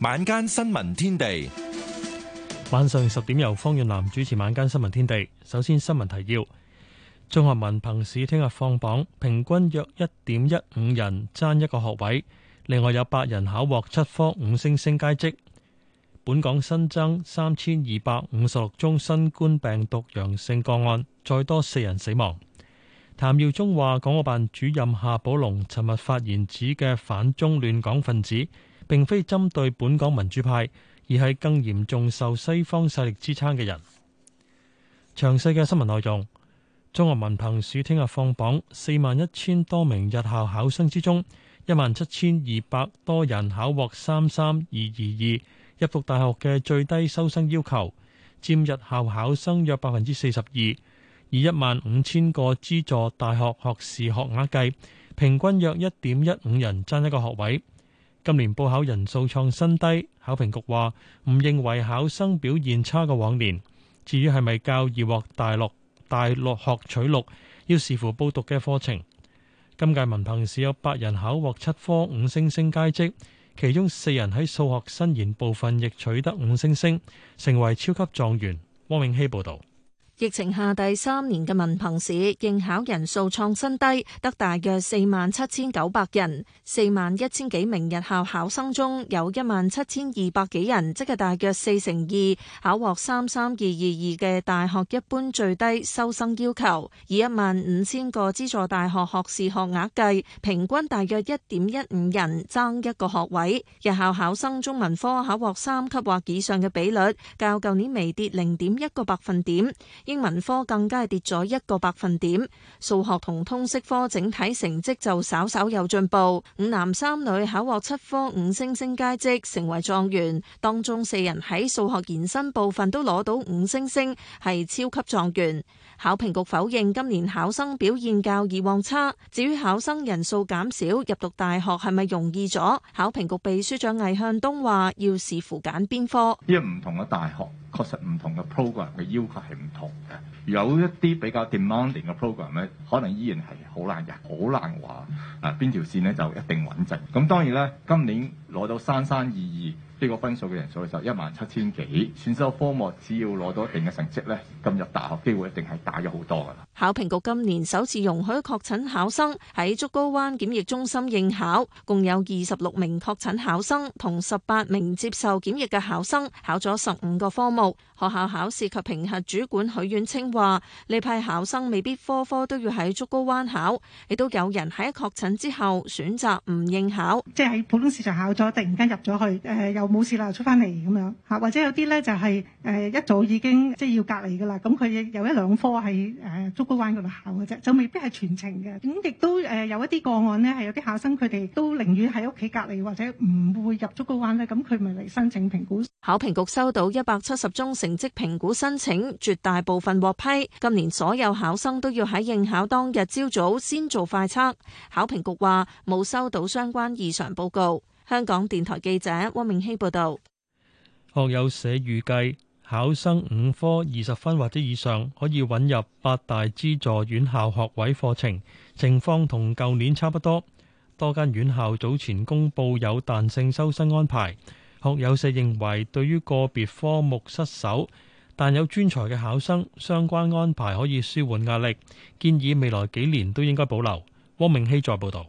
晚間新聞天地，晚上十點由方遠南主持。晚間新聞天地，首先新聞提要：中學文憑試聽日放榜，平均約一點一五人爭一個學位，另外有八人考獲七科五星星佳績。本港新增三千二百五十六宗新冠病毒陽性個案，再多四人死亡。譚耀宗話，港澳辦主任夏寶龍尋日發言指嘅反中亂港分子。並非針對本港民主派，而係更嚴重受西方勢力支撐嘅人。詳細嘅新聞內容。中學文憑試聽日放榜，四萬一千多名日校考生之中，一萬七千二百多人考獲三三二二二，入讀大學嘅最低收生要求，佔日校考生約百分之四十二。以一萬五千個資助大學學士學額計，平均約一點一五人爭一個學位。今年報考人數創新低，考評局話唔認為考生表現差過往年。至於係咪較易獲大陸大陸學取錄，要視乎報讀嘅課程。今屆文憑試有八人考獲七科五星星佳績，其中四人喺數學新研部分亦取得五星星，成為超級狀元。汪永熙報道。疫情下第三年嘅文憑試應考人數創新低，得大約四萬七千九百人。四萬一千幾名日校考生中，有一萬七千二百幾人，即係大約四成二考獲三三二二二嘅大學一般最低收生要求。以一萬五千個資助大學學士學額計，平均大約一點一五人爭一個學位。日校考生中文科考獲三級或以上嘅比率，較舊年微跌零點一個百分點。英文科更加跌咗一個百分點，數學同通識科整體成績就稍稍有進步。五男三女考獲七科五星星佳績，成為狀元。當中四人喺數學延伸部分都攞到五星星，係超級狀元。考評局否認今年考生表現較以往差。至於考生人數減少入讀大學係咪容易咗？考評局秘書長魏向東話要視乎揀邊科，因為唔同嘅大學。確實唔同嘅 program 嘅要求係唔同嘅，有一啲比較 demanding 嘅 program 咧，可能依然係好難嘅，好難話啊邊條線咧就一定穩陣。咁當然咧，今年攞到三三二二呢個分數嘅人數就一萬七千幾，選修科目只要攞到一定嘅成績咧，咁入大學機會一定係大咗好多㗎啦。考評局今年首次容許確診考生喺竹篙灣檢疫中心應考，共有二十六名確診考生同十八名接受檢疫嘅考生考咗十五個科目。學校考試及評核主管許遠清話：呢批考生未必科科都要喺竹篙灣考，亦都有人喺確診之後選擇唔應考，即係喺普通試場考咗，突然間入咗去，誒、呃、又冇事啦，出翻嚟咁樣吓，或者有啲咧就係、是、誒、呃、一早已經即係、就是、要隔離噶啦，咁佢有一兩科喺誒竹篙灣度考嘅啫，就未必係全程嘅。咁、嗯、亦都誒、呃、有一啲個案呢，係有啲考生佢哋都寧願喺屋企隔離或者唔會入竹篙灣咧，咁佢咪嚟申請評估。考評局收到一百七十宗。成績評估申請絕大部分獲批，今年所有考生都要喺應考當日朝早先做快測。考評局話冇收到相關異常報告。香港電台記者溫明熙報道。學友社預計考生五科二十分或者以上可以穩入八大資助院校學位課程，情況同舊年差唔多。多間院校早前公布有彈性收生安排。學友社認為，對於個別科目失守，但有專才嘅考生，相關安排可以舒緩壓力，建議未來幾年都應該保留。汪明希再報道。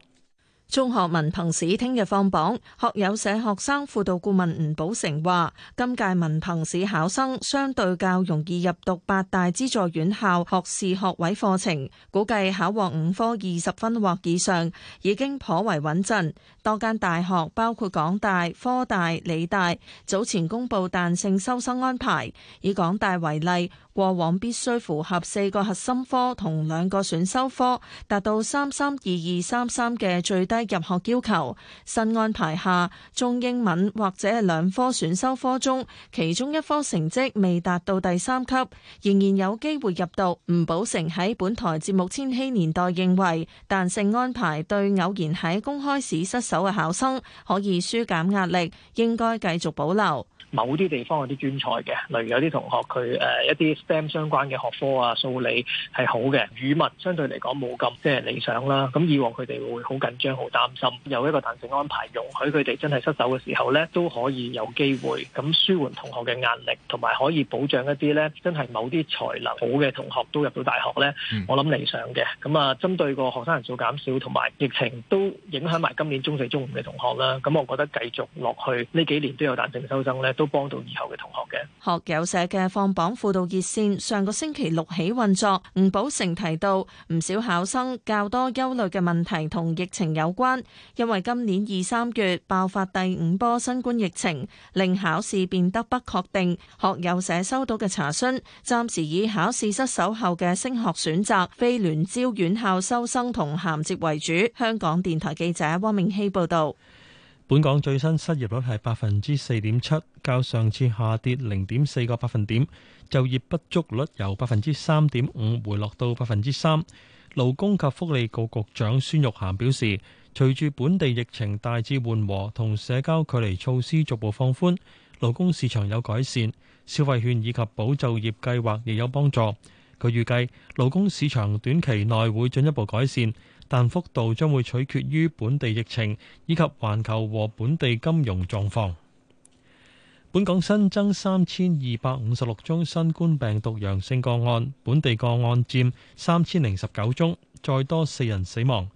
中學文憑試聽日放榜，學友社學生輔導顧問吳寶成話，今屆文憑試考生相對較容易入讀八大資助院校學士學位課程，估計考獲五科二十分或以上，已經頗為穩陣。多間大學包括港大、科大、理大，早前公布彈性收生安排，以港大為例。過往必須符合四個核心科同兩個選修科，達到三三二二三三嘅最低入學要求。新安排下，中英文或者係兩科選修科中，其中一科成績未達到第三級，仍然有機會入讀。吳寶城喺本台節目《千禧年代》認為，彈性安排對偶然喺公開試失手嘅考生可以紓減壓力，應該繼續保留。某啲地方有啲專才嘅，例如有啲同學佢誒、呃、一啲 STEM 相關嘅學科啊、數理係好嘅，語文相對嚟講冇咁即係理想啦。咁以往佢哋會好緊張、好擔心，有一個彈性安排容許佢哋真係失手嘅時候呢，都可以有機會咁舒緩同學嘅壓力，同埋可以保障一啲呢真係某啲才能好嘅同學都入到大學呢。嗯、我諗理想嘅。咁啊，針對個學生人數減少同埋疫情都影響埋今年中四中五嘅同學啦。咁我覺得繼續落去呢幾年都有彈性收生呢，都幫到以後嘅同學嘅。學友社嘅放榜輔導熱線上個星期六起運作。吳寶成提到，唔少考生較多憂慮嘅問題同疫情有關，因為今年二三月爆發第五波新冠疫情，令考試變得不確定。學友社收到嘅查詢，暫時以考試失守後嘅升學選擇、非聯招院校收生同銜接為主。香港電台記者汪明希報導。本港最新失業率係百分之四點七，較上次下跌零點四個百分點。就業不足率由百分之三點五回落到百分之三。勞工及福利局局長孫玉菡表示，隨住本地疫情大致緩和同社交距離措施逐步放寬，勞工市場有改善，消費券以及保就業計劃亦有幫助。佢預計勞工市場短期內會進一步改善。但幅度將會取決於本地疫情以及環球和本地金融狀況。本港新增三千二百五十六宗新冠病毒陽性個案，本地個案佔三千零十九宗，再多四人死亡。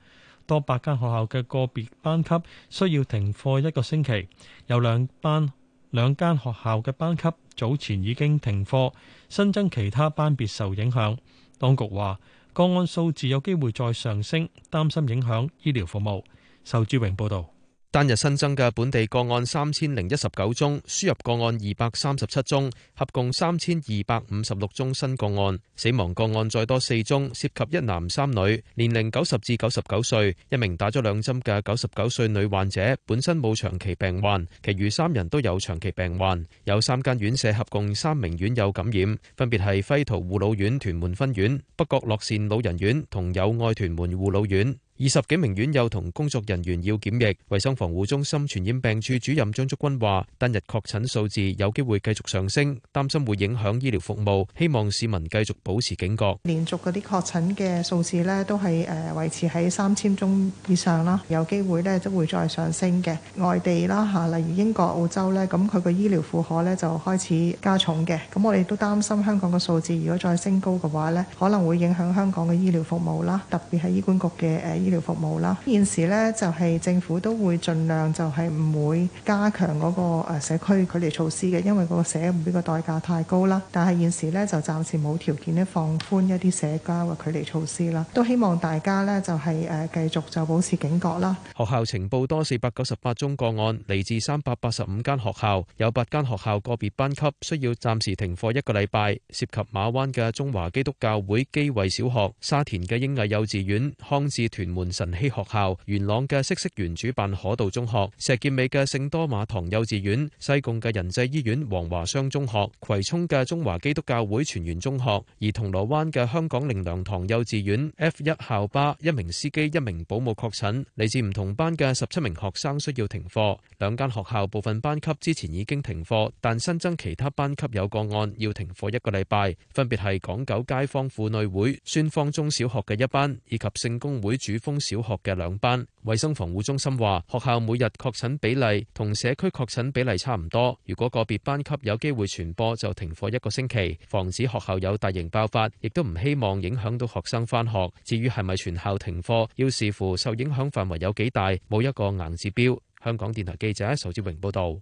多百間學校嘅個別班級需要停課一個星期，有兩班兩間學校嘅班級早前已經停課，新增其他班別受影響。當局話，個案數字有機會再上升，擔心影響醫療服務。仇志榮報導。單日新增嘅本地個案三千零一十九宗，輸入個案二百三十七宗，合共三千二百五十六宗新個案，死亡個案再多四宗，涉及一男三女，年齡九十至九十九歲。一名打咗兩針嘅九十九歲女患者本身冇長期病患，其餘三人都有長期病患。有三間院舍合共三名院友感染，分別係輝圖護老院屯門分院、北角樂善老人院同友愛屯門護老院。二十幾名院友同工作人員要檢疫，衞生防護中心傳染病處主任張竹君話：單日確診數字有機會繼續上升，擔心會影響醫療服務，希望市民繼續保持警覺。連續嗰啲確診嘅數字呢，都係誒維持喺三千宗以上啦，有機會呢都會再上升嘅。外地啦嚇，例如英國、澳洲呢，咁佢個醫療負荷呢就開始加重嘅。咁我哋都擔心香港嘅數字，如果再升高嘅話呢，可能會影響香港嘅醫療服務啦，特別係醫管局嘅誒醫條服務啦，現時咧就係政府都會盡量就係唔會加強嗰個社區距離措施嘅，因為嗰個社會嘅代價太高啦。但係現時呢，就暫時冇條件咧放寬一啲社交嘅距離措施啦，都希望大家呢，就係誒繼續就保持警覺啦。學校呈報多四百九十八宗個案，嚟自三百八十五間學校，有八間學校個別班級需要暫時停課一個禮拜，涉及馬灣嘅中華基督教會基惠小學、沙田嘅英藝幼稚園、康治屯門、神熙學校、元朗嘅嗇色園主辦可道中學、石硤尾嘅聖多馬堂幼稚園、西貢嘅仁濟醫院王華湘中學、葵涌嘅中華基督教會全完中學，而銅鑼灣嘅香港靈糧堂幼稚園 F 一校巴一名司機、一名保姆確診，嚟自唔同班嘅十七名學生需要停課。兩間學校部分班級之前已經停課，但新增其他班級有個案要停課一個禮拜，分別係港九街坊婦女會孫方中小學嘅一班，以及聖公會主。封小學嘅兩班。衛生防護中心話，學校每日確診比例同社區確診比例差唔多。如果個別班級有機會傳播，就停課一個星期，防止學校有大型爆發，亦都唔希望影響到學生返學。至於係咪全校停課，要視乎受影響範圍有幾大，冇一個硬指標。香港電台記者仇志榮報道。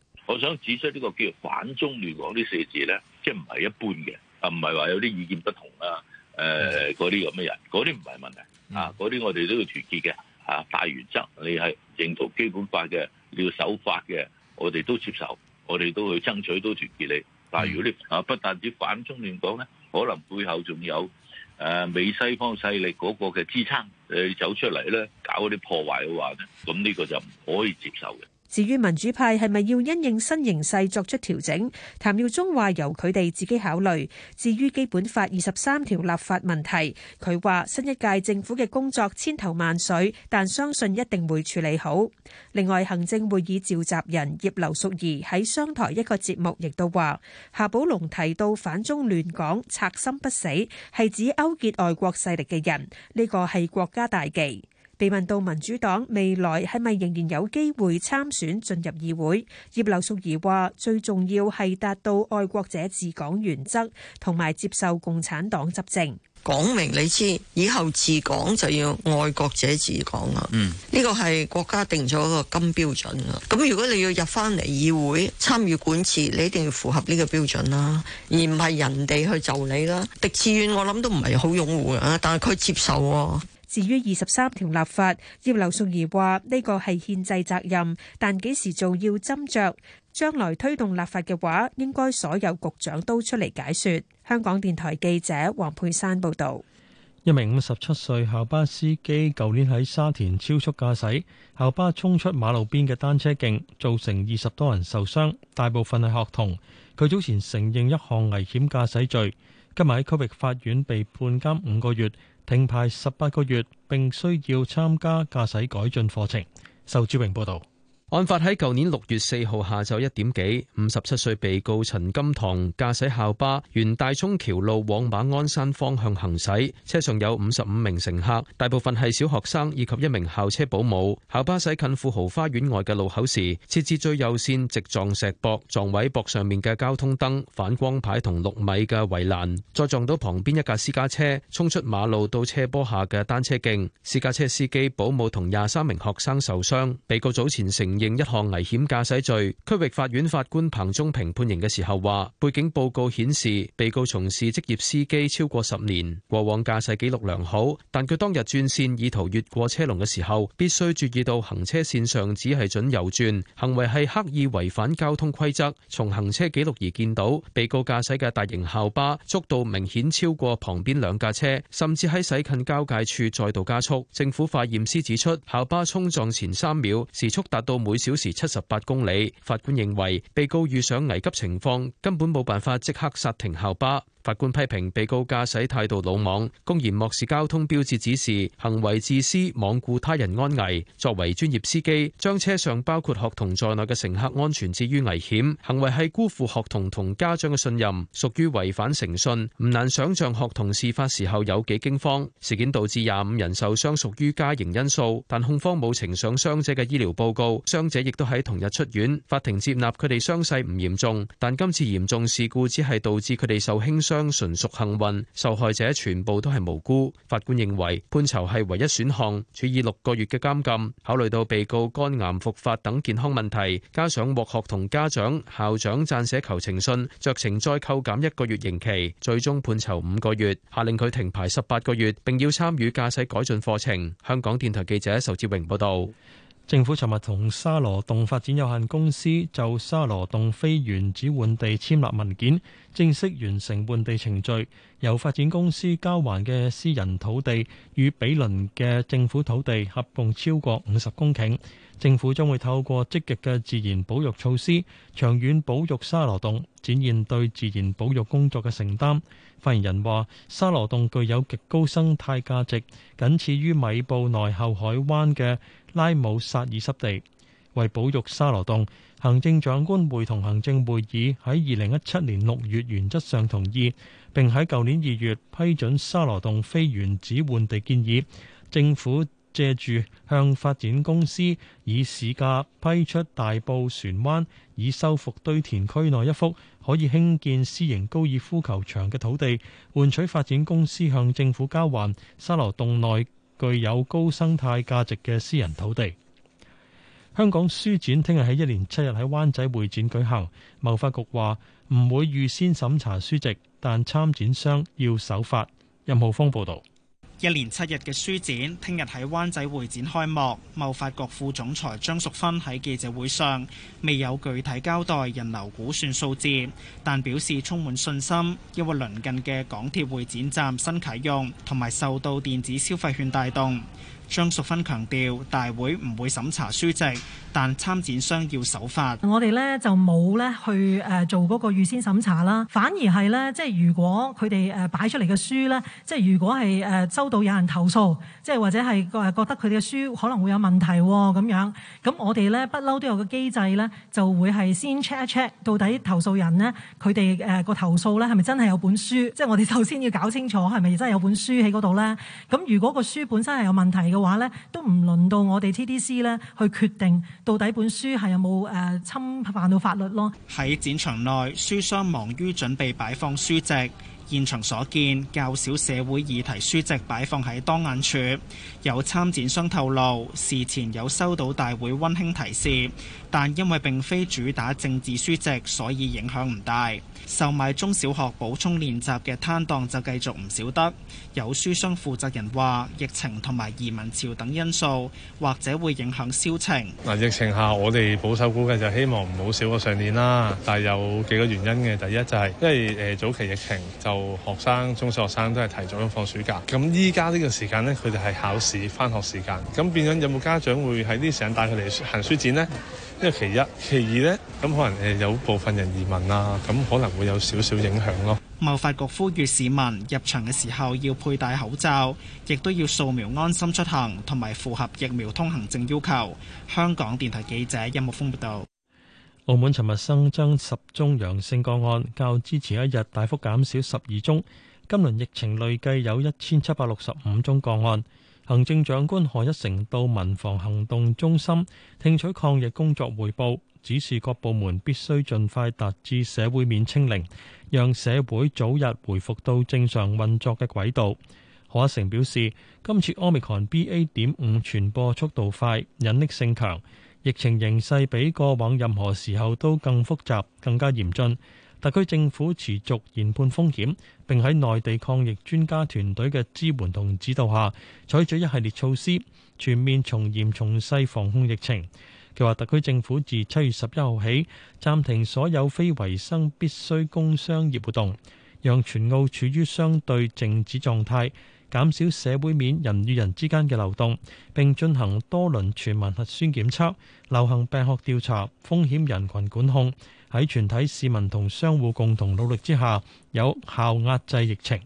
我想指出呢個叫反中亂港呢四字咧，即係唔係一般嘅，啊唔係話有啲意見不同、呃不嗯、啊，誒嗰啲咁嘅人，嗰啲唔係問題啊，嗰啲我哋都要團結嘅啊，大原則你係認同基本法嘅，你要守法嘅，我哋都接受，我哋都去爭取都團結你。但如果你啊不單止反中亂港咧，可能背後仲有誒、啊、美西方勢力嗰個嘅支撐誒你走出嚟咧，搞啲破壞嘅話咧，咁呢個就唔可以接受嘅。至於民主派係咪要因應新形勢作出調整？譚耀宗話由佢哋自己考慮。至於《基本法》二十三條立法問題，佢話新一屆政府嘅工作千頭萬緒，但相信一定會處理好。另外，行政會議召集人葉劉淑儀喺商台一個節目亦都話，夏寶龍提到反中亂港、賊心不死係指勾結外國勢力嘅人，呢個係國家大忌。被問到民主黨未來係咪仍然有機會參選進入議會，葉劉淑儀話：最重要係達到愛國者治港原則，同埋接受共產黨執政。講明你知，以後治港就要愛國者治港啦。嗯，呢個係國家定咗個金標準啦。咁如果你要入翻嚟議會參與管治，你一定要符合呢個標準啦，而唔係人哋去就你啦。狄志遠我諗都唔係好擁護啊，但係佢接受喎。至於二十三條立法，葉劉淑儀話呢個係憲制責任，但幾時做要斟酌。將來推動立法嘅話，應該所有局長都出嚟解說。香港電台記者黃佩珊報導。一名五十七歲校巴司機，舊年喺沙田超速駕駛校巴，衝出馬路邊嘅單車徑，造成二十多人受傷，大部分係學童。佢早前承認一項危險駕駛罪，今日喺區域法院被判監五個月。停牌十八個月，並需要參加駕駛改進課程。仇志榮報道。案發喺舊年六月四號下晝一點幾，五十七歲被告陳金堂駕駛校巴沿大涌橋路往馬鞍山方向行駛，車上有五十五名乘客，大部分係小學生以及一名校車保姆。校巴駛近富豪花園外嘅路口時，車至最右線直撞石駁，撞毀駁上面嘅交通燈、反光牌同六米嘅圍欄，再撞到旁邊一架私家車，衝出馬路到斜坡下嘅單車徑。私家車司機、保姆同廿三名學生受傷。被告早前承認一項危險駕駛罪，區域法院法官彭中平判刑嘅時候話：背景報告顯示，被告從事職業司機超過十年，過往駕駛記錄良好。但佢當日轉線意圖越過車龍嘅時候，必須注意到行車線上只係准右轉，行為係刻意違反交通規則。從行車記錄儀見到，被告駕駛嘅大型校巴速度明顯超過旁邊兩架車，甚至喺駛近交界處再度加速。政府化驗師指出，校巴衝撞前三秒時速達到每小時七十八公里，法官認為被告遇上危急情況，根本冇辦法即刻剎停校巴。法官批評被告駕駛態度魯莽，公然漠視交通標誌指示，行為自私，罔顧他人安危。作為專業司機，將車上包括學童在內嘅乘客安全置於危險，行為係辜負學童同家長嘅信任，屬於違反誠信。唔難想象學童事發時候有幾驚慌。事件導致廿五人受傷，屬於加刑因素，但控方冇呈上傷者嘅醫療報告，傷者亦都喺同日出院。法庭接納佢哋傷勢唔嚴重，但今次嚴重事故只係導致佢哋受輕傷。將純屬幸運，受害者全部都係無辜。法官認為判囚係唯一選項，處以六個月嘅監禁。考慮到被告肝癌復發等健康問題，加上獲學童家長、校長撰寫求情信，酌情再扣減一個月刑期，最終判囚五個月，下令佢停牌十八個月，並要參與駕駛改進課程。香港電台記者仇志榮報道。政府尋日同沙羅洞發展有限公司就沙羅洞非原址換地簽立文件，正式完成換地程序。由發展公司交還嘅私人土地與比鄰嘅政府土地合共超過五十公頃。政府將會透過積極嘅自然保育措施，長遠保育沙羅洞，展現對自然保育工作嘅承擔。發言人話：沙羅洞具有極高生態價值，僅次於米埔內后海灣嘅拉姆薩爾濕地。為保育沙羅洞，行政長官會同行政會議喺二零一七年六月原則上同意，並喺舊年二月批准沙羅洞非原址換地建議。政府借住向發展公司以市價批出大埔船灣，以修復堆填區內一幅可以興建私營高爾夫球場嘅土地，換取發展公司向政府交還沙羅洞內具有高生態價值嘅私人土地。香港書展聽日喺一連七日喺灣仔會展舉行。貿發局話唔會預先審查書籍，但參展商要守法。任浩峰報道。一連七日嘅書展，聽日喺灣仔會展開幕。貿發局副總裁張淑芬喺記者會上未有具體交代人流估算數字，但表示充滿信心，因為鄰近嘅港鐵會展站新啟用，同埋受到電子消費券帶動。張淑芬強調，大會唔會審查書籍，但參展商要守法。我哋咧就冇咧去誒做嗰個預先審查啦，反而係咧即係如果佢哋誒擺出嚟嘅書咧，即係如果係誒收到有人投訴，即係或者係誒覺得佢哋嘅書可能會有問題咁樣，咁我哋咧不嬲都有個機制咧，就會係先 check 一 check 到底投訴人咧佢哋誒個投訴咧係咪真係有本書，即係我哋首先要搞清楚係咪真係有本書喺嗰度咧。咁如果個書本身係有問題嘅。話咧都唔輪到我哋 TDC 咧去決定到底本書係有冇誒侵犯到法律咯。喺展場內，書商忙於準備擺放書籍。現場所見較少社會議題書籍擺放喺當眼處，有參展商透露事前有收到大會温馨提示，但因為並非主打政治書籍，所以影響唔大。售賣中小學補充練習嘅攤檔就繼續唔少得。有書商負責人話：疫情同埋移民潮等因素，或者會影響銷情。嗱，疫情下我哋保守估計就希望唔好少過上年啦，但係有幾個原因嘅。第一就係因為誒、呃、早期疫情就學生、中小學生都係提早放暑假，咁依家呢個時間呢，佢哋係考試，翻學時間，咁變咗有冇家長會喺呢啲時間帶佢哋行書展呢？呢個其一，其二呢，咁可能誒有部分人移民啦，咁可能會有少少影響咯。貿發局呼籲市民入場嘅時候要佩戴口罩，亦都要掃描安心出行，同埋符合疫苗通行證要求。香港電台記者任木豐報道。澳門尋日新增十宗陽性個案，較之前一日大幅減少十二宗。今輪疫情累計有一千七百六十五宗個案。行政長官何一成到民防行動中心聽取抗疫工作匯報，指示各部門必須盡快達至社會面清零，讓社會早日回復到正常運作嘅軌道。何一成表示，今次 OmicronBA. 點五傳播速度快，隱匿性強。疫情形勢比過往任何時候都更複雜、更加嚴峻。特區政府持續研判風險，並喺內地抗疫專家團隊嘅支援同指導下，採取一系列措施，全面從嚴從細防控疫情。佢話：特區政府自七月十一號起，暫停所有非維生必需工商業活動，讓全澳處於相對靜止狀態。減少社會面人與人之間嘅流動，並進行多輪全民核酸檢測、流行病學調查、風險人群管控，喺全體市民同商戶共同努力之下，有效壓制疫情。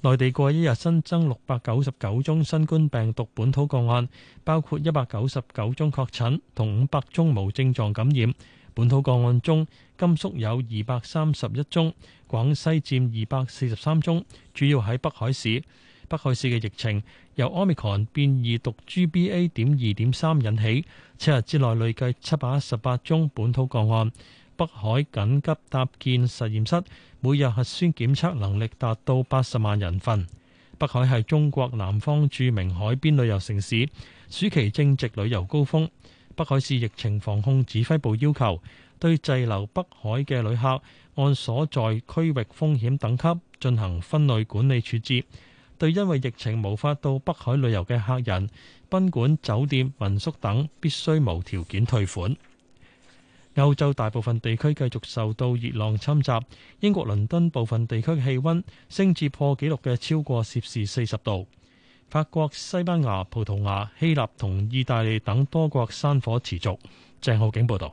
內地過一日新增六百九十九宗新冠病毒本土個案，包括一百九十九宗確診同五百宗無症狀感染。本土個案中，甘肅有二百三十一宗。廣西佔二百四十三宗，主要喺北海市。北海市嘅疫情由 Omicron 變異毒 GBA. 點二點三引起，七日之內累計七百一十八宗本土個案。北海緊急搭建實驗室，每日核酸檢測能力達到八十萬人份。北海係中國南方著名海邊旅遊城市，暑期正值旅遊高峰。北海市疫情防控指揮部要求對滯留北海嘅旅客。按所在區域風險等級進行分類管理處置，對因為疫情無法到北海旅遊嘅客人，賓館、酒店、民宿等必須無條件退款。歐洲大部分地區繼續受到熱浪侵襲，英國倫敦部分地區氣温升至破紀錄嘅超過攝氏四十度。法國、西班牙、葡萄牙、希臘同意大利等多國山火持續。鄭浩景報導。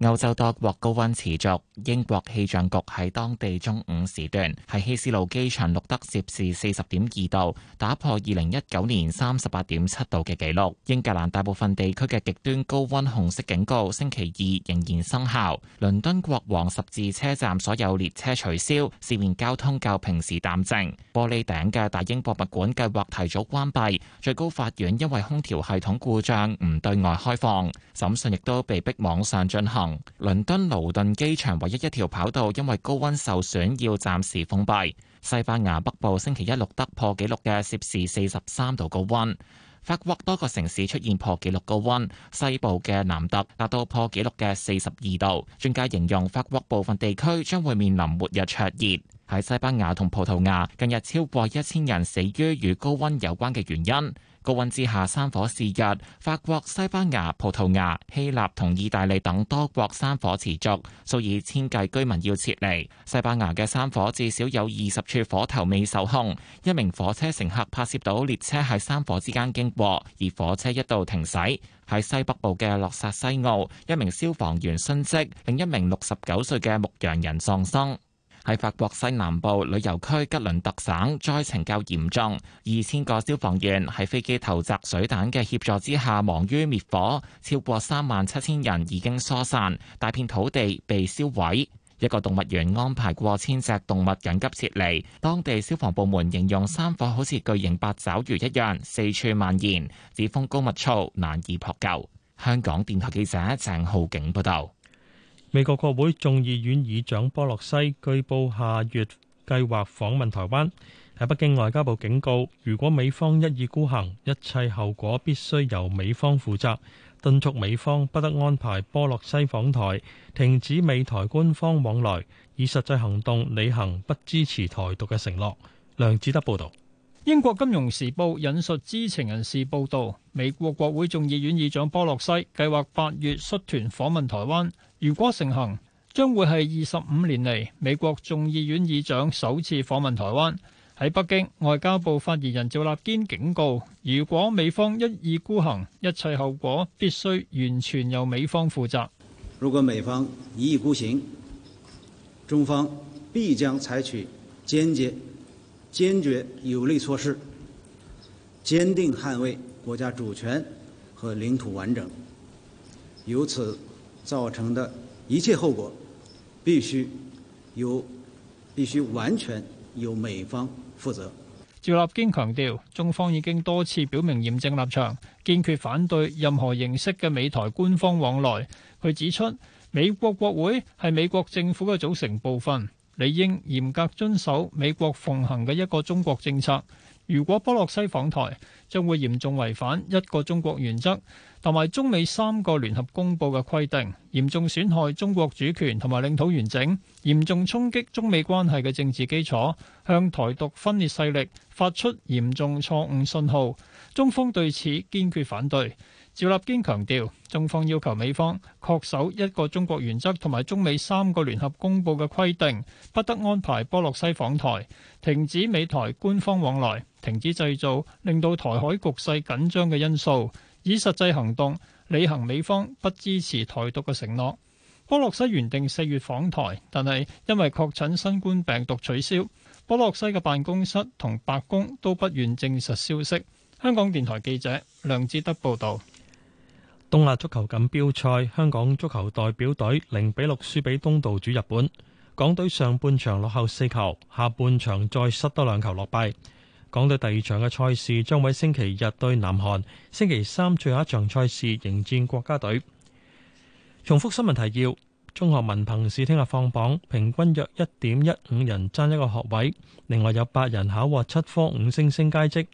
歐洲多國高温持續，英國氣象局喺當地中午時段喺希斯路機場錄得攝氏四十點二度，打破二零一九年三十八點七度嘅紀錄。英格蘭大部分地區嘅極端高温紅色警告星期二仍然生效。倫敦國王十字車站所有列車取消，市面交通較平時淡靜。玻璃頂嘅大英博物館計劃提早關閉，最高法院因為空調系統故障唔對外開放，審訊亦都被逼網上進行。倫敦勞頓機場唯一一條跑道因為高溫受損，要暫時封閉。西班牙北部星期一錄得破紀錄嘅攝氏四十三度高溫，法國多個城市出現破紀錄高溫，西部嘅南特達到破紀錄嘅四十二度。專家形容法國部分地區將會面臨末日灼熱。喺西班牙同葡萄牙，近日超過一千人死於與高溫有關嘅原因。高溫之下山火肆日，法國、西班牙、葡萄牙、希臘同意大利等多國山火持續，數以千計居民要撤離。西班牙嘅山火至少有二十處火頭未受控，一名火車乘客拍攝到列車喺山火之間經過，而火車一度停駛。喺西北部嘅洛薩西奧，一名消防員殉職，另一名六十九歲嘅牧羊人喪生。喺法國西南部旅遊區吉倫特省災情較嚴重，二千個消防員喺飛機投擲水彈嘅協助之下忙於滅火，超過三萬七千人已經疏散，大片土地被燒毀。一個動物園安排過千隻動物緊急撤離。當地消防部門形容山火好似巨型八爪魚一樣四處蔓延，指風高物燥，難以撲救。香港電台記者鄭浩景報道。美國國會眾議院議長波洛西據報下月計劃訪問台灣。喺北京，外交部警告，如果美方一意孤行，一切後果必須由美方負責，敦促美方不得安排波洛西訪台，停止美台官方往來，以實際行動履行不支持台獨嘅承諾。梁志德報導。英國金融時報引述知情人士報導，美國國會眾議院議長波洛西計劃八月率團訪問台灣。如果成行，將會係二十五年嚟美國眾議院議長首次訪問台灣。喺北京，外交部發言人趙立堅警告：如果美方一意孤行，一切後果必須完全由美方負責。如果美方一意孤行，中方必將採取堅決、堅決有力措施，堅定捍衛國家主權和領土完整。由此。造成的一切後果，必須由必須完全由美方負責。趙立堅強調，中方已經多次表明嚴正立場，堅決反對任何形式嘅美台官方往來。佢指出，美國國會係美國政府嘅組成部分，理應嚴格遵守美國奉行嘅一個中國政策。如果波洛西訪台，將會嚴重違反一個中國原則，同埋中美三個聯合公佈嘅規定，嚴重損害中國主權同埋領土完整，嚴重衝擊中美關係嘅政治基礎，向台獨分裂勢力發出嚴重錯誤信號。中方對此堅決反對。趙立堅強調，中方要求美方恪守一個中國原則，同埋中美三個聯合公報嘅規定，不得安排波洛西訪台，停止美台官方往來，停止製造令到台海局勢緊張嘅因素，以實際行動履行美方不支持台獨嘅承諾。波洛西原定四月訪台，但係因為確診新冠病毒取消。波洛西嘅辦公室同白宮都不願證實消息。香港電台記者梁志德報道。東亞足球錦標賽，香港足球代表隊零比六輸俾東道主日本。港隊上半場落後四球，下半場再失多兩球落敗。港隊第二場嘅賽事將喺星期日對南韓，星期三最後一場賽事迎戰國家隊。重複新聞提要：中學文憑試聽日放榜，平均約一點一五人爭一個學位，另外有八人考獲七科五星星佳績。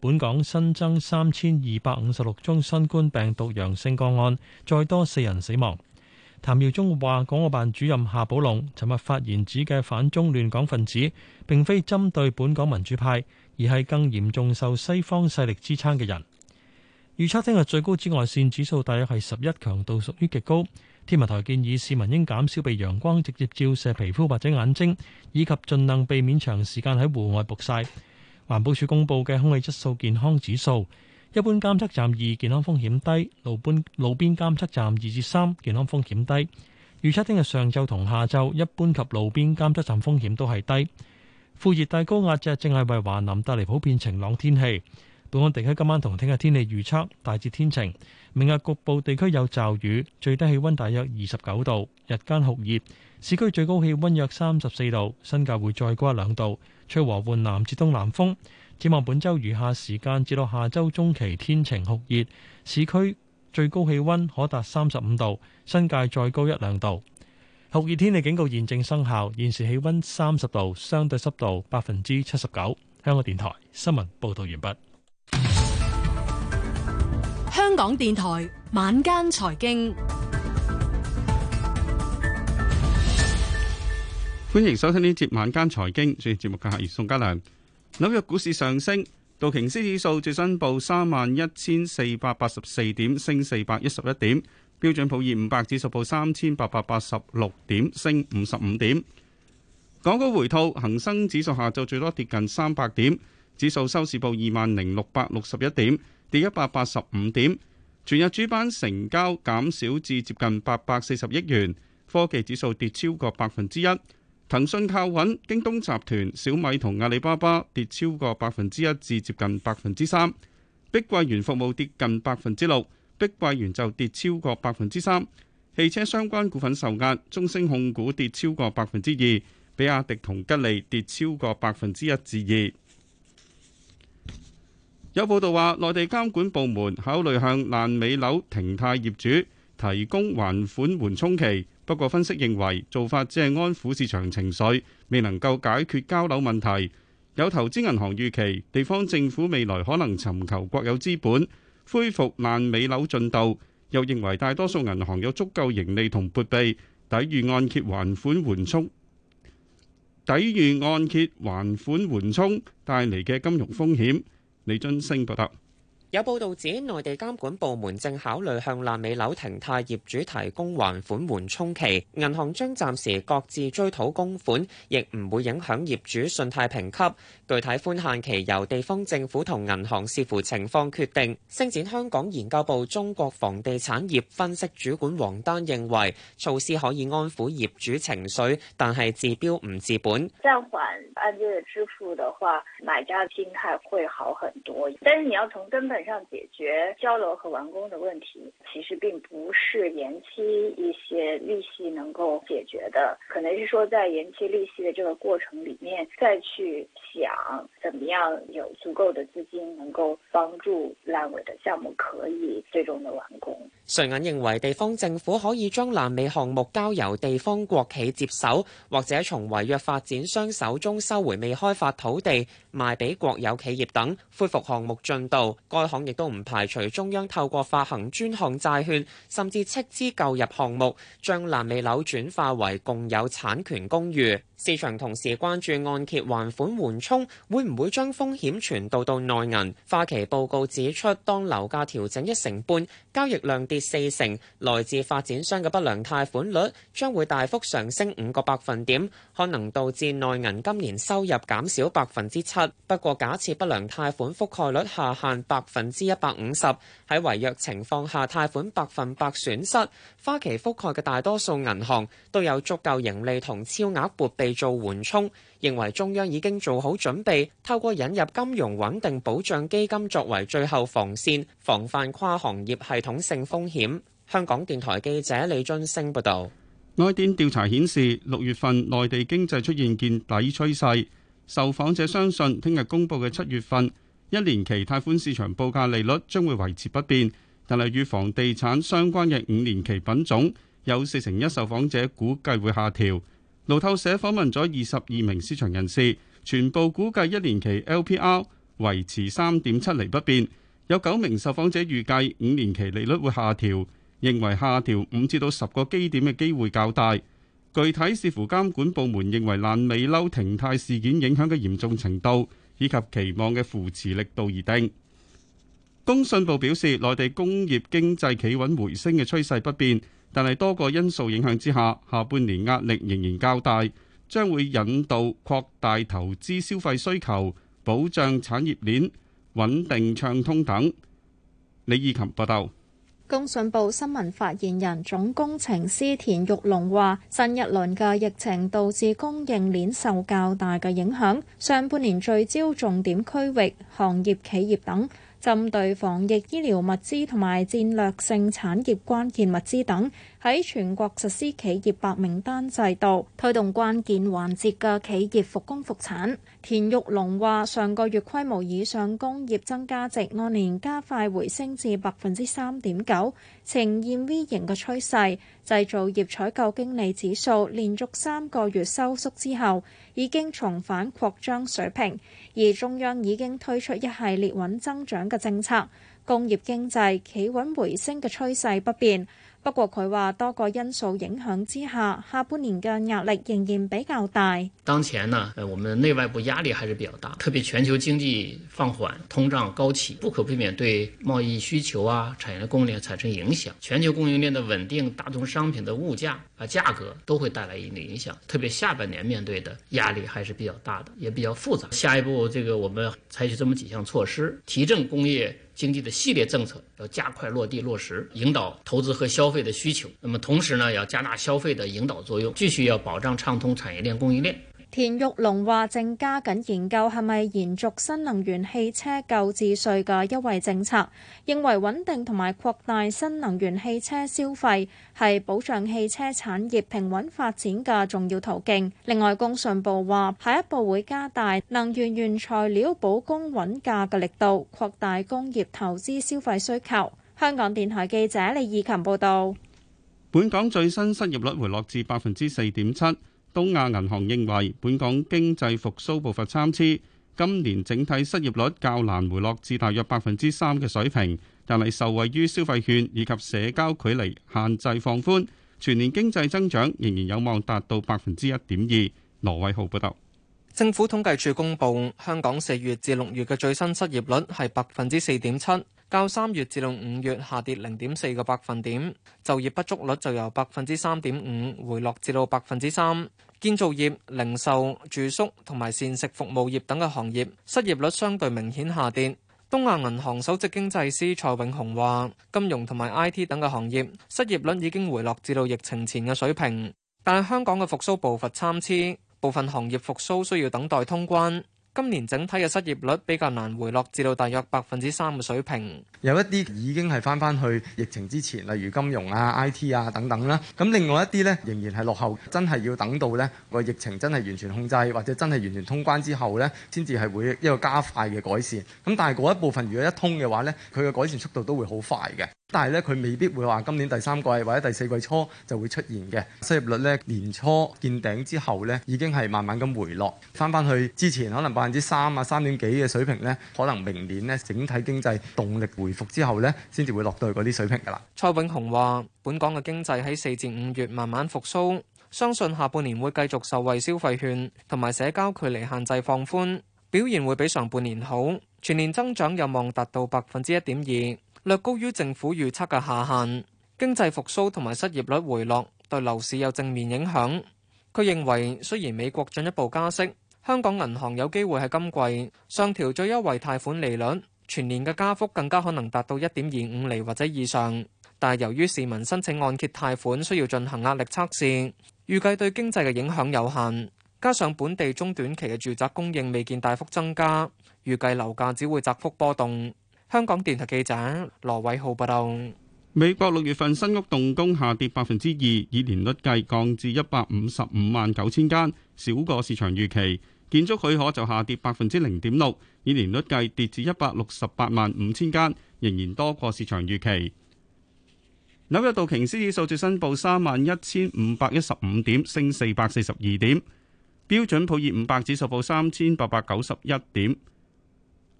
本港新增三千二百五十六宗新冠病毒陽性個案，再多四人死亡。譚耀宗話，港澳辦主任夏寶龍尋日發言指嘅反中亂港分子，並非針對本港民主派，而係更嚴重受西方勢力支撐嘅人。預測聽日最高紫外線指數大約係十一強度，屬於極高。天文台建議市民應減少被陽光直接照射皮膚或者眼睛，以及盡量避免長時間喺戶外曝曬。環保署公布嘅空氣質素健康指數，一般監測站二，健康風險低；路邊路邊監測站二至三，3, 健康風險低。預測聽日上晝同下晝，一般及路邊監測站風險都係低。副熱帶高壓只正係為華南帶嚟普遍晴朗天氣。本港地區今晚同聽日天氣預測大致天晴，明日局部地區有驟雨，最低氣温大約二十九度，日間酷熱。市區最高氣溫約三十四度，新界會再高一兩度，吹和緩南至東南風。展望本周餘下時間至到下周中期，天晴酷熱，市區最高氣溫可達三十五度，新界再高一兩度。酷熱天氣警告現正生效，現時氣溫三十度，相對濕度百分之七十九。香港電台新聞報道完畢。香港電台晚間財經。歡迎收聽呢節晚間財經。主持節目嘅客係宋嘉良。紐約股市上升，道瓊斯指數最新報三萬一千四百八十四點，升四百一十一點。標準普爾五百指數報三千八百八十六點，升五十五點。港股回吐，恆生指數下晝最多跌近三百點，指數收市報二萬零六百六十一點，跌一百八十五點。全日主板成交減少至接近八百四十億元。科技指數跌超過百分之一。騰訊靠穩，京東集團、小米同阿里巴巴跌超過百分之一至接近百分之三，碧桂園服務跌近百分之六，碧桂園就跌超過百分之三。汽車相關股份受壓，中升控股跌超過百分之二，比亞迪同吉利跌超過百分之一至二。有報道話，內地監管部門考慮向爛尾樓停貸業主提供還款緩衝期。不過，分析認為做法只係安撫市場情緒，未能夠解決交樓問題。有投資銀行預期，地方政府未來可能尋求國有資本恢復爛尾樓進度，又認為大多數銀行有足夠盈利同撥備，抵禦按揭還款緩衝，抵禦按揭還款緩衝帶嚟嘅金融風險。李津升報道。有報道指，內地監管部門正考慮向爛尾樓停貸業主提供還款緩衝期，銀行將暫時各自追討供款，亦唔會影響業主信貸評級。具體寬限期由地方政府同銀行視乎情況決定。星展香港研究部中國房地產業分析主管黃丹認為，措施可以安撫業主情緒，但係治標唔治本。暫緩按月支付的話，買家心態會好很多，但是你要從根本上解決交樓和完工的問題，其實並不是延期一些利息能夠解決的。可能是說，在延期利息的這個過程裡面，再去想怎麼樣有足夠的資金能夠幫助爛尾的項目可以最終的完工。瑞銀認為，地方政府可以將爛尾項目交由地方國企接手，或者從違約發展商手中收回未開發土地，賣俾國有企業等，恢復項目進度。該行亦都唔排除中央透過發行專項債券，甚至斥資購入項目，將爛尾樓轉化為共有產權公寓。市場同時關注按揭還款緩衝會唔會將風險傳導到內銀？花旗報告指出，當樓價調整一成半，交易量跌四成，來自發展商嘅不良貸款率將會大幅上升五個百分點，可能導致內銀今年收入減少百分之七。不過假設不良貸款覆蓋率下限百分之一百五十，喺違約情況下貸款百分百損失，花旗覆蓋嘅大多數銀行都有足夠盈利同超額撥備做緩衝，認為中央已經做好準備，透過引入金融穩定保障基金作為最後防線，防範跨行業系統性風險。香港電台記者李俊升報道。外電調查顯示，六月份內地經濟出現見底趨勢，受訪者相信聽日公布嘅七月份一年期貸款市場報價利率將會維持不變，但係與房地產相關嘅五年期品種，有四成一受訪者估計會下調。路透社訪問咗二十二名市場人士，全部估計一年期 LPR 維持三點七厘不變。有九名受訪者預計五年期利率會下調，認為下調五至到十個基點嘅機會較大。具體視乎監管部門認為爛尾樓停貸事件影響嘅嚴重程度以及期望嘅扶持力度而定。工信部表示，內地工業經濟企穩回升嘅趨勢不變。但係多個因素影響之下，下半年壓力仍然較大，將會引導擴大投資、消費需求、保障產業鏈穩定暢通等。李義琴報道，工信部新聞發言人、總工程師田玉龍話：新一輪嘅疫情導致供應鏈受較大嘅影響，上半年聚焦重點區域、行業、企業等。針對防疫醫療物資同埋戰略性產業關鍵物資等。喺全國實施企業白名單制度，推動關鍵環節嘅企業復工復產。田玉龍話：上個月規模以上工業增加值按年加快回升至百分之三點九，呈現 V 型嘅趨勢。製造業採購經理指數連續三個月收縮之後，已經重返擴張水平。而中央已經推出一系列穩增長嘅政策，工業經濟企穩回升嘅趨勢不變。不過佢話多個因素影響之下，下半年嘅壓力仍然比較大。當前呢，呃，我們內外部壓力還是比較大，特別全球經濟放緩、通脹高企，不可避免對貿易需求啊、產業的供應產生影響。全球供應鏈的穩定、大宗商品的物價啊、價格都會帶來一定影響。特別下半年面對的壓力還是比較大的，也比較複雜。下一步，這個我們採取這麼幾項措施，提振工業。經濟的系列政策要加快落地落實，引導投資和消費的需求。那麼同時呢，要加大消費的引導作用，繼續要保障暢通產業鏈、供應鏈。田玉龍話：正加緊研究係咪延續新能源汽車購置稅嘅優惠政策，認為穩定同埋擴大新能源汽車消費係保障汽車產業平穩發展嘅重要途徑。另外，工信部話下一步會加大能源原材料保供穩價嘅力度，擴大工業投資消費需求。香港電台記者李義琴報道。本港最新失業率回落至百分之四點七。東亞銀行認為，本港經濟復蘇步伐參差，今年整體失業率較難回落至大約百分之三嘅水平，但係受惠於消費券以及社交距離限制放寬，全年經濟增長仍然有望達到百分之一點二。羅偉浩報道，政府統計處公佈香港四月至六月嘅最新失業率係百分之四點七。較三月至到五月下跌零點四個百分點，就業不足率就由百分之三點五回落至到百分之三。建造業、零售、住宿同埋膳食服務業等嘅行業，失業率相對明顯下跌。東亞銀行首席經濟師蔡永雄話：金融同埋 IT 等嘅行業失業率已經回落至到疫情前嘅水平，但係香港嘅復甦步伐參差，部分行業復甦需要等待通關。今年整體嘅失業率比較難回落至到大約百分之三嘅水平，有一啲已經係返返去疫情之前，例如金融啊、IT 啊等等啦。咁另外一啲咧仍然係落後，真係要等到咧個疫情真係完全控制，或者真係完全通關之後咧，先至係會一個加快嘅改善。咁但係嗰一部分如果一通嘅話咧，佢嘅改善速度都會好快嘅。但係咧，佢未必會話今年第三季或者第四季初就會出現嘅。失業率咧，年初見頂之後咧，已經係慢慢咁回落，翻翻去之前可能百分之三啊、三點幾嘅水平咧。可能明年咧，整體經濟動力回復之後咧，先至會落到去嗰啲水平噶啦。蔡永雄話，本港嘅經濟喺四至五月慢慢復蘇，相信下半年會繼續受惠消費券同埋社交距離限制放寬，表現會比上半年好，全年增長有望達到百分之一點二。略高於政府預測嘅下限，經濟復蘇同埋失業率回落對樓市有正面影響，佢認為雖然美國進一步加息，香港銀行有機會喺今季上調最優惠貸款利率，全年嘅加幅更加可能達到一點二五厘或者以上。但係由於市民申請按揭貸款需要進行壓力測試，預計對經濟嘅影響有限。加上本地中短期嘅住宅供應未見大幅增加，預計樓價只會窄幅波動。香港電台記者羅偉浩報道：美國六月份新屋動工下跌百分之二，以年率計降至一百五十五萬九千間，少過市場預期。建築許可就下跌百分之零點六，以年率計跌至一百六十八萬五千間，仍然多過市場預期。紐約道瓊斯指數收市報三萬一千五百一十五點，升四百四十二點。標準普爾五百指數報三千八百九十一點。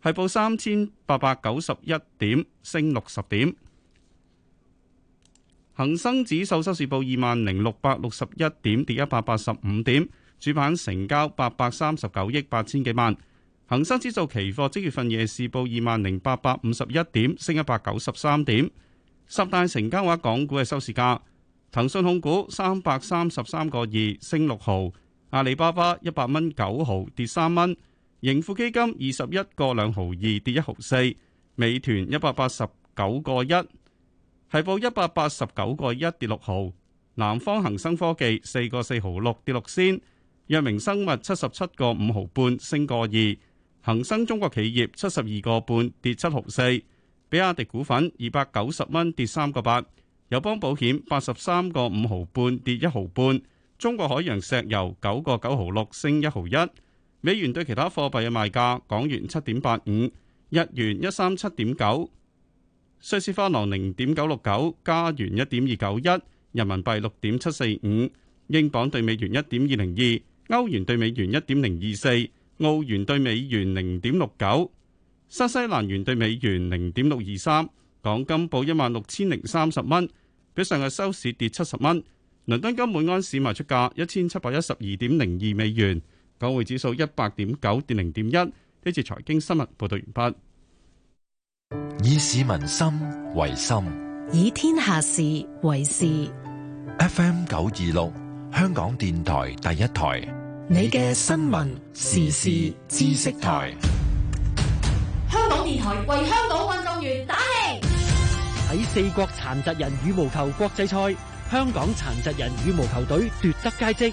係報三千八百九十一點，升六十點。恒生指數收市報二萬零六百六十一點，跌一百八十五點。主板成交八百三十九億八千幾萬。恒生指數期貨即月份夜市報二萬零八百五十一點，升一百九十三點。十大成交話港股嘅收市價，騰訊控股三百三十三個二，升六毫；阿里巴巴一百蚊九毫，跌三蚊。盈富基金二十一個兩毫二，跌一毫四，美團一百八十九個一，係報一百八十九個一，跌六毫，南方恒生科技四個四毫六，跌六仙，藥明生物七十七個五毫半，升個二，恒生中國企業七十二個半，跌七毫四，比亞迪股份二百九十蚊，跌三個八，友邦保險八十三個五毫半，跌一毫半，中國海洋石油九個九毫六，升一毫一。美元對其他貨幣嘅賣價：港元七點八五，日元一三七點九，瑞士法郎零點九六九，加元一點二九一，人民幣六點七四五，英鎊對美元一點二零二，歐元對美元一點零二四，澳元對美元零點六九，新西蘭元對美元零點六二三。港金報一萬六千零三十蚊，比上日收市跌七十蚊。倫敦金每安士賣出價一千七百一十二點零二美元。港匯指數一百點九跌零點一。呢次財經新聞報道完畢。以市民心為心，以天下事為事。FM 九二六，香港電台第一台，你嘅新聞時事知識台。香港電台為香港運動員打氣。喺四國殘疾人羽毛球國際賽，香港殘疾人羽毛球隊奪得佳績。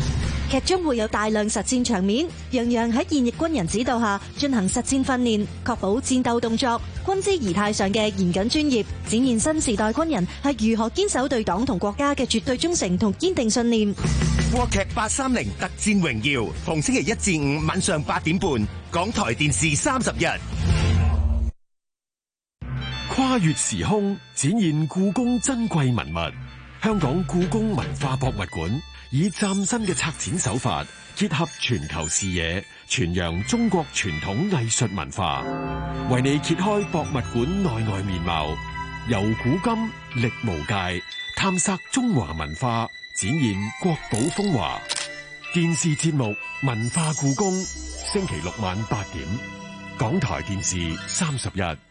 劇中會有大量實戰場面，樣樣喺現役軍人指導下進行實戰訓練，確保戰鬥動作、軍姿儀態上嘅嚴謹專業，展現新時代軍人係如何堅守對黨同國家嘅絕對忠誠同堅定信念。國劇《八三零：特戰榮耀》，逢星期一至五晚上八點半，港台電視三十日。跨越時空，展現故宮珍貴文物，香港故宮文化博物館。以嶄新嘅策展手法，結合全球視野，傳揚中國傳統藝術文化，為你揭開博物館內外面貌。由古今歷無界，探索中華文化，展現國寶風華。電視節目《文化故宮》，星期六晚八點，港台電視三十一。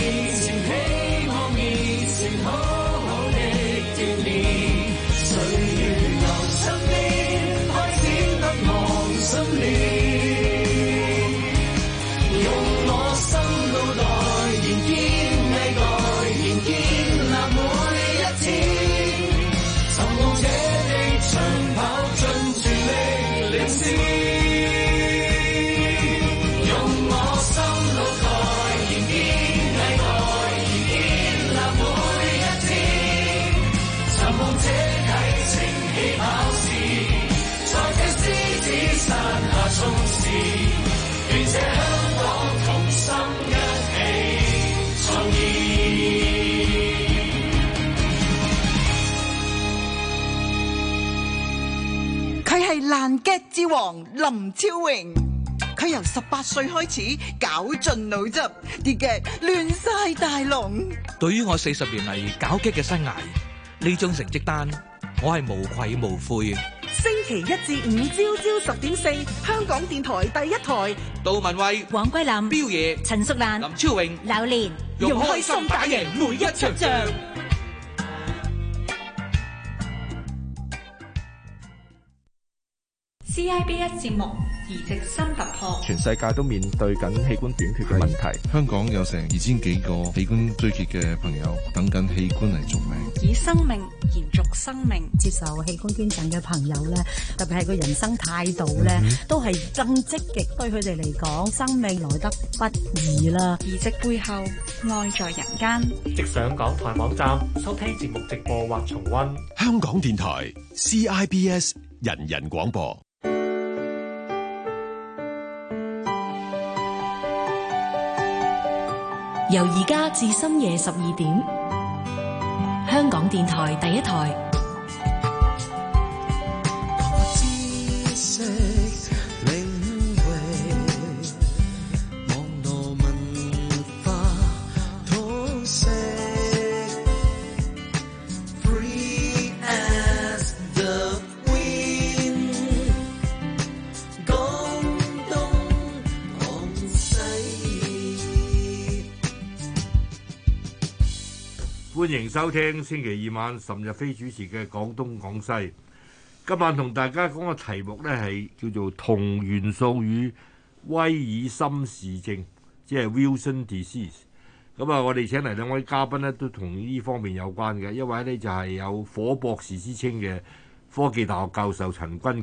劇之王林超榮，佢由十八歲開始搞盡腦汁，啲劇亂晒大龍。對於我四十年嚟搞劇嘅生涯，呢張成績單我係無愧無悔。星期一至五朝朝十點四，香港電台第一台。杜雯惠、黃桂林、彪爺、陳淑蘭、林超榮、劉念，用開心打贏每一場仗。CIBS 節目移植新突破，全世界都面對緊器官短缺嘅問題。香港有成二千幾個器官追缺嘅朋友等緊器官嚟續命，以生命延續生命，接受器官捐贈嘅朋友咧，特別係個人生態度咧，都係更積極。對佢哋嚟講，生命來得不易啦。移植背後愛在人間，直上港台網站收聽節目直播或重溫香港電台 CIBS 人人廣播。由而家至深夜十二點，香港電台第一台。歡迎收聽星期二晚岑日飛主持嘅《講東講西》。今晚同大家講嘅題目咧，係叫做“同元素與威爾森氏症”，即係 Wilson Disease。咁啊，我哋請嚟兩位嘉賓咧，都同呢方面有關嘅。一位咧就係、是、有“火博士”之稱嘅科技大學教授陳君。